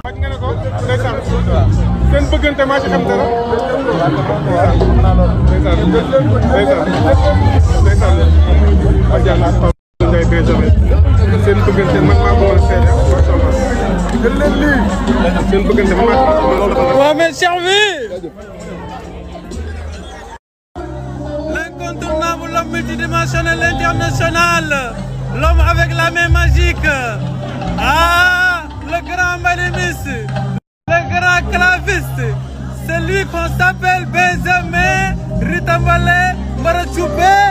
l'incontournable l'homme multidimensionnel international l'homme avec la main magique ah le grand malémiste, le grand claviste, celui qu'on s'appelle Benjamin Ritambale Marachoupé.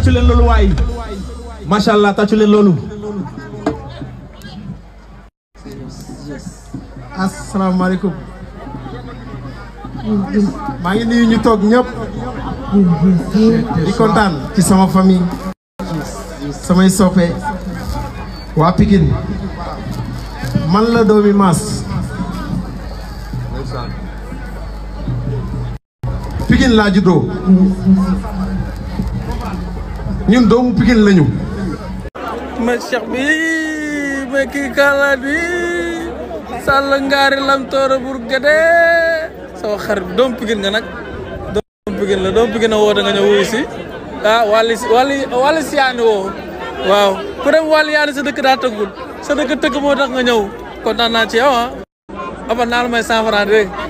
tàccu leen loolu waay macha allah tàccu maa ngi ñu toog ñëpp. ci sama famille. samay soppe. la doomi laa juddoo. ñun doomu Pikine lañu ma cheikh bi ma ki kala bi sal ngari lam toora bur gede so xar doomu Pikine nga nag doomu Pikine la doomu Pikine wo da nga ñëw wuyu si ah wali wali wali siane wo waaw ku dem wali yaani sa dëkk daa tëggul sa dëkk tëgg moo tax nga ñëw kontaan naa ci yow ah apa naa may 100 francs rek